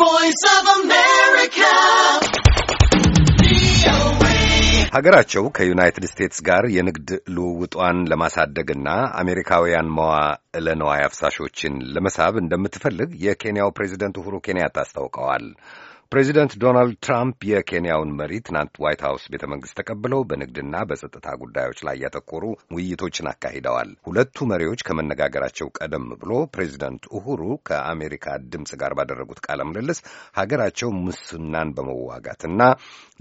voice ሀገራቸው ከዩናይትድ ስቴትስ ጋር የንግድ ልውውጧን ለማሳደግና አሜሪካውያን መዋዕለ ንዋይ አፍሳሾችን ለመሳብ እንደምትፈልግ የኬንያው ፕሬዚደንት ኡሁሩ ኬንያታ አስታውቀዋል። ፕሬዚደንት ዶናልድ ትራምፕ የኬንያውን መሪ ትናንት ዋይት ሀውስ ቤተ መንግሥት ተቀብለው በንግድና በጸጥታ ጉዳዮች ላይ ያተኮሩ ውይይቶችን አካሂደዋል። ሁለቱ መሪዎች ከመነጋገራቸው ቀደም ብሎ ፕሬዚደንት ኡሁሩ ከአሜሪካ ድምፅ ጋር ባደረጉት ቃለ ምልልስ ሀገራቸው ሙስናን በመዋጋትና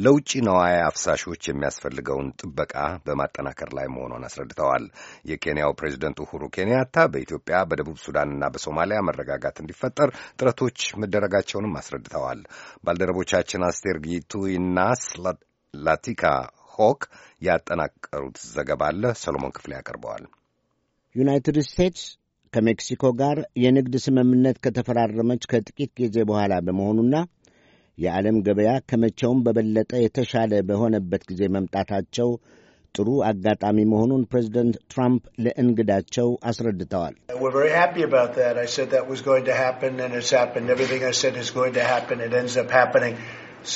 ለውጭ ነዋይ አፍሳሾች የሚያስፈልገውን ጥበቃ በማጠናከር ላይ መሆኗን አስረድተዋል። የኬንያው ፕሬዚደንት ኡሁሩ ኬንያታ በኢትዮጵያ በደቡብ ሱዳንና በሶማሊያ መረጋጋት እንዲፈጠር ጥረቶች መደረጋቸውንም አስረድተዋል። ባልደረቦቻችን አስቴር ጊቱይና ላቲካ ሆክ ያጠናቀሩት ዘገባ አለ። ሰሎሞን ክፍሌ ያቀርበዋል። ዩናይትድ ስቴትስ ከሜክሲኮ ጋር የንግድ ስምምነት ከተፈራረመች ከጥቂት ጊዜ በኋላ በመሆኑና የዓለም ገበያ ከመቼውም በበለጠ የተሻለ በሆነበት ጊዜ መምጣታቸው ጥሩ አጋጣሚ መሆኑን ፕሬዚደንት ትራምፕ ለእንግዳቸው አስረድተዋል።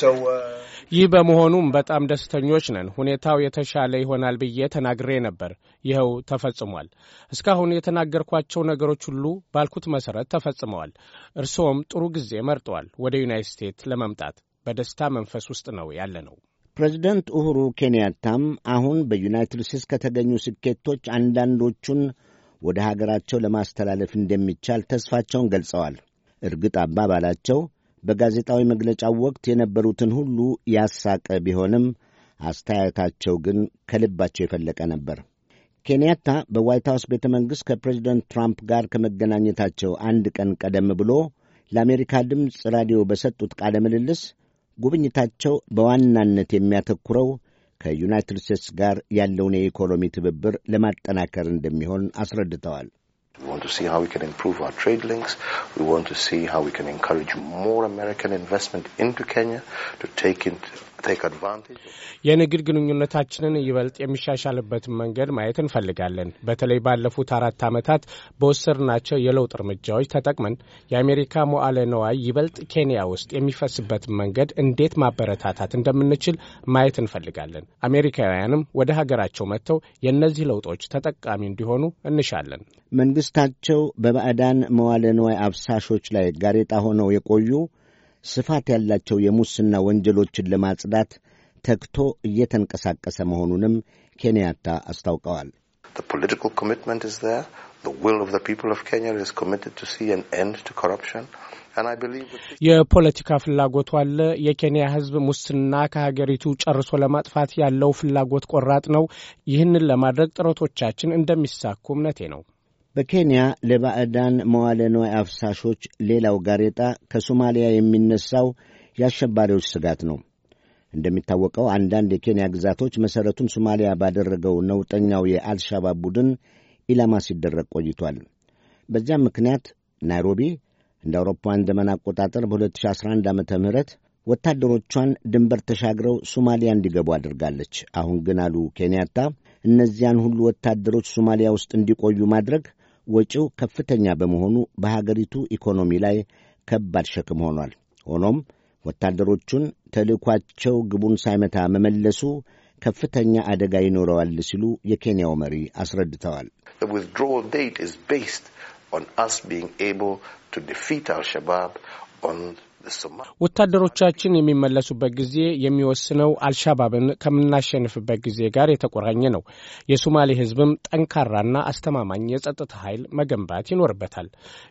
uh, ይህ በመሆኑም በጣም ደስተኞች ነን። ሁኔታው የተሻለ ይሆናል ብዬ ተናግሬ ነበር። ይኸው ተፈጽሟል። እስካሁን የተናገርኳቸው ነገሮች ሁሉ ባልኩት መሠረት ተፈጽመዋል። እርስዎም ጥሩ ጊዜ መርጠዋል። ወደ ዩናይት ስቴትስ ለመምጣት በደስታ መንፈስ ውስጥ ነው ያለ ነው። ፕሬዚደንት ኡሁሩ ኬንያታም አሁን በዩናይትድ ስቴትስ ከተገኙ ስኬቶች አንዳንዶቹን ወደ ሀገራቸው ለማስተላለፍ እንደሚቻል ተስፋቸውን ገልጸዋል። እርግጥ አባባላቸው በጋዜጣዊ መግለጫው ወቅት የነበሩትን ሁሉ ያሳቀ ቢሆንም አስተያየታቸው ግን ከልባቸው የፈለቀ ነበር። ኬንያታ በዋይት ሀውስ ቤተ መንግሥት ከፕሬዚደንት ትራምፕ ጋር ከመገናኘታቸው አንድ ቀን ቀደም ብሎ ለአሜሪካ ድምፅ ራዲዮ በሰጡት ቃለ ምልልስ ጉብኝታቸው በዋናነት የሚያተኩረው ከዩናይትድ ስቴትስ ጋር ያለውን የኢኮኖሚ ትብብር ለማጠናከር እንደሚሆን አስረድተዋል። የንግድ ግንኙነታችንን ይበልጥ የሚሻሻልበትን መንገድ ማየት እንፈልጋለን። በተለይ ባለፉት አራት ዓመታት በወሰድናቸው የለውጥ እርምጃዎች ተጠቅመን የአሜሪካ መዋለ ነዋይ ይበልጥ ኬንያ ውስጥ የሚፈስበትን መንገድ እንዴት ማበረታታት እንደምንችል ማየት እንፈልጋለን። አሜሪካውያንም ወደ ሀገራቸው መጥተው የእነዚህ ለውጦች ተጠቃሚ እንዲሆኑ እንሻለን። መንግስታቸው በባዕዳን መዋዕለ ንዋይ አብሳሾች ላይ ጋሬጣ ሆነው የቆዩ ስፋት ያላቸው የሙስና ወንጀሎችን ለማጽዳት ተግቶ እየተንቀሳቀሰ መሆኑንም ኬንያታ አስታውቀዋል። የፖለቲካ ፍላጎቱ አለ። የኬንያ ሕዝብ ሙስና ከሀገሪቱ ጨርሶ ለማጥፋት ያለው ፍላጎት ቆራጥ ነው። ይህንን ለማድረግ ጥረቶቻችን እንደሚሳኩ እምነቴ ነው። በኬንያ ለባዕዳን መዋለ ንዋይ አፍሳሾች ሌላው ጋሬጣ ከሶማሊያ የሚነሳው የአሸባሪዎች ስጋት ነው። እንደሚታወቀው አንዳንድ የኬንያ ግዛቶች መሠረቱን ሶማሊያ ባደረገው ነውጠኛው የአልሻባብ ቡድን ኢላማ ሲደረግ ቆይቷል። በዚያም ምክንያት ናይሮቢ እንደ አውሮፓውያን ዘመን አቆጣጠር በ2011 ዓ ም ወታደሮቿን ድንበር ተሻግረው ሶማሊያ እንዲገቡ አድርጋለች። አሁን ግን አሉ ኬንያታ፣ እነዚያን ሁሉ ወታደሮች ሶማሊያ ውስጥ እንዲቆዩ ማድረግ ወጪው ከፍተኛ በመሆኑ በሀገሪቱ ኢኮኖሚ ላይ ከባድ ሸክም ሆኗል። ሆኖም ወታደሮቹን ተልእኳቸው ግቡን ሳይመታ መመለሱ ከፍተኛ አደጋ ይኖረዋል ሲሉ የኬንያው መሪ አስረድተዋል። ወታደሮቻችን የሚመለሱበት ጊዜ የሚወስነው አልሻባብን ከምናሸንፍበት ጊዜ ጋር የተቆራኘ ነው። የሶማሌ ሕዝብም ጠንካራና አስተማማኝ የጸጥታ ኃይል መገንባት ይኖርበታል።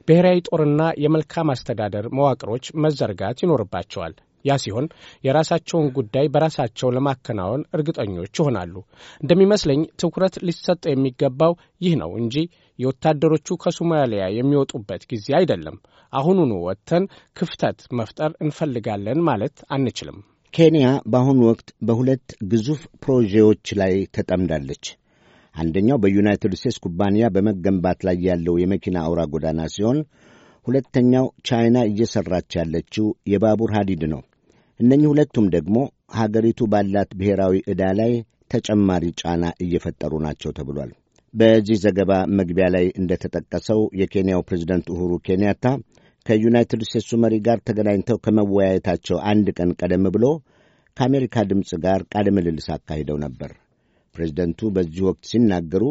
ብሔራዊ ጦርና የመልካም አስተዳደር መዋቅሮች መዘርጋት ይኖርባቸዋል። ያ ሲሆን የራሳቸውን ጉዳይ በራሳቸው ለማከናወን እርግጠኞች ይሆናሉ። እንደሚመስለኝ ትኩረት ሊሰጥ የሚገባው ይህ ነው እንጂ የወታደሮቹ ከሶማሊያ የሚወጡበት ጊዜ አይደለም። አሁኑኑ ወጥተን ክፍተት መፍጠር እንፈልጋለን ማለት አንችልም። ኬንያ በአሁኑ ወቅት በሁለት ግዙፍ ፕሮጀዎች ላይ ተጠምዳለች። አንደኛው በዩናይትድ ስቴትስ ኩባንያ በመገንባት ላይ ያለው የመኪና አውራ ጎዳና ሲሆን ሁለተኛው ቻይና እየሠራች ያለችው የባቡር ሀዲድ ነው። እነኚህ ሁለቱም ደግሞ ሀገሪቱ ባላት ብሔራዊ ዕዳ ላይ ተጨማሪ ጫና እየፈጠሩ ናቸው ተብሏል። በዚህ ዘገባ መግቢያ ላይ እንደተጠቀሰው የኬንያው ፕሬዚደንት ኡሁሩ ኬንያታ ከዩናይትድ ስቴትሱ መሪ ጋር ተገናኝተው ከመወያየታቸው አንድ ቀን ቀደም ብሎ ከአሜሪካ ድምፅ ጋር ቃለ ምልልስ አካሂደው ነበር። ፕሬዚደንቱ በዚህ ወቅት ሲናገሩ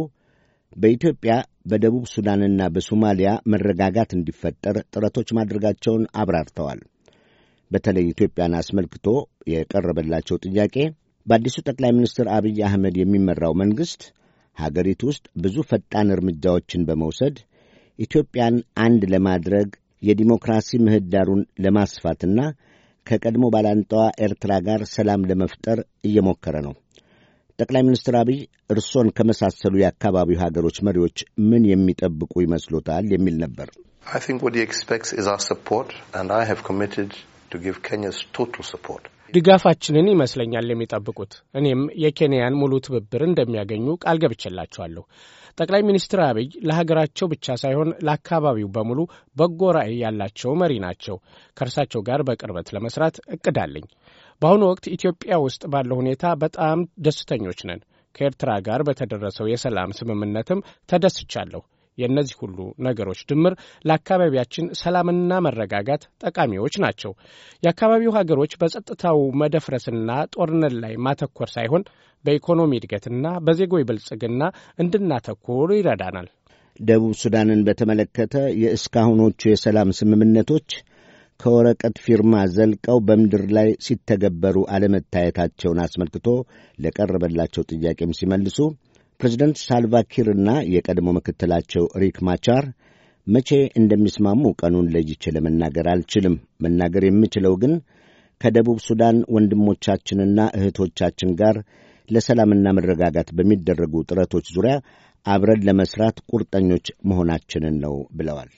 በኢትዮጵያ በደቡብ ሱዳንና በሶማሊያ መረጋጋት እንዲፈጠር ጥረቶች ማድረጋቸውን አብራርተዋል። በተለይ ኢትዮጵያን አስመልክቶ የቀረበላቸው ጥያቄ በአዲሱ ጠቅላይ ሚኒስትር አብይ አህመድ የሚመራው መንግሥት ሀገሪቱ ውስጥ ብዙ ፈጣን እርምጃዎችን በመውሰድ ኢትዮጵያን አንድ ለማድረግ የዲሞክራሲ ምህዳሩን ለማስፋትና ከቀድሞ ባላንጣዋ ኤርትራ ጋር ሰላም ለመፍጠር እየሞከረ ነው። ጠቅላይ ሚኒስትር አብይ እርሶን ከመሳሰሉ የአካባቢው ሀገሮች መሪዎች ምን የሚጠብቁ ይመስሎታል? የሚል ነበር። ድጋፋችንን ይመስለኛል የሚጠብቁት። እኔም የኬንያን ሙሉ ትብብር እንደሚያገኙ ቃል ገብቼላቸዋለሁ። ጠቅላይ ሚኒስትር አብይ ለሀገራቸው ብቻ ሳይሆን ለአካባቢው በሙሉ በጎ ራዕይ ያላቸው መሪ ናቸው። ከእርሳቸው ጋር በቅርበት ለመስራት እቅድ አለኝ። በአሁኑ ወቅት ኢትዮጵያ ውስጥ ባለው ሁኔታ በጣም ደስተኞች ነን። ከኤርትራ ጋር በተደረሰው የሰላም ስምምነትም ተደስቻለሁ። የእነዚህ ሁሉ ነገሮች ድምር ለአካባቢያችን ሰላምና መረጋጋት ጠቃሚዎች ናቸው። የአካባቢው ሀገሮች በጸጥታው መደፍረስና ጦርነት ላይ ማተኮር ሳይሆን በኢኮኖሚ እድገትና በዜጎች ብልጽግና እንድናተኩር ይረዳናል። ደቡብ ሱዳንን በተመለከተ የእስካሁኖቹ የሰላም ስምምነቶች ከወረቀት ፊርማ ዘልቀው በምድር ላይ ሲተገበሩ አለመታየታቸውን አስመልክቶ ለቀረበላቸው ጥያቄም ሲመልሱ ፕሬዚደንት ሳልቫኪር የቀድሞ ምክትላቸው ሪክ ማቻር መቼ እንደሚስማሙ ቀኑን ለይቼ ለመናገር አልችልም። መናገር የምችለው ግን ከደቡብ ሱዳን ወንድሞቻችንና እህቶቻችን ጋር ለሰላምና መረጋጋት በሚደረጉ ጥረቶች ዙሪያ አብረን ለመስራት ቁርጠኞች መሆናችንን ነው ብለዋል።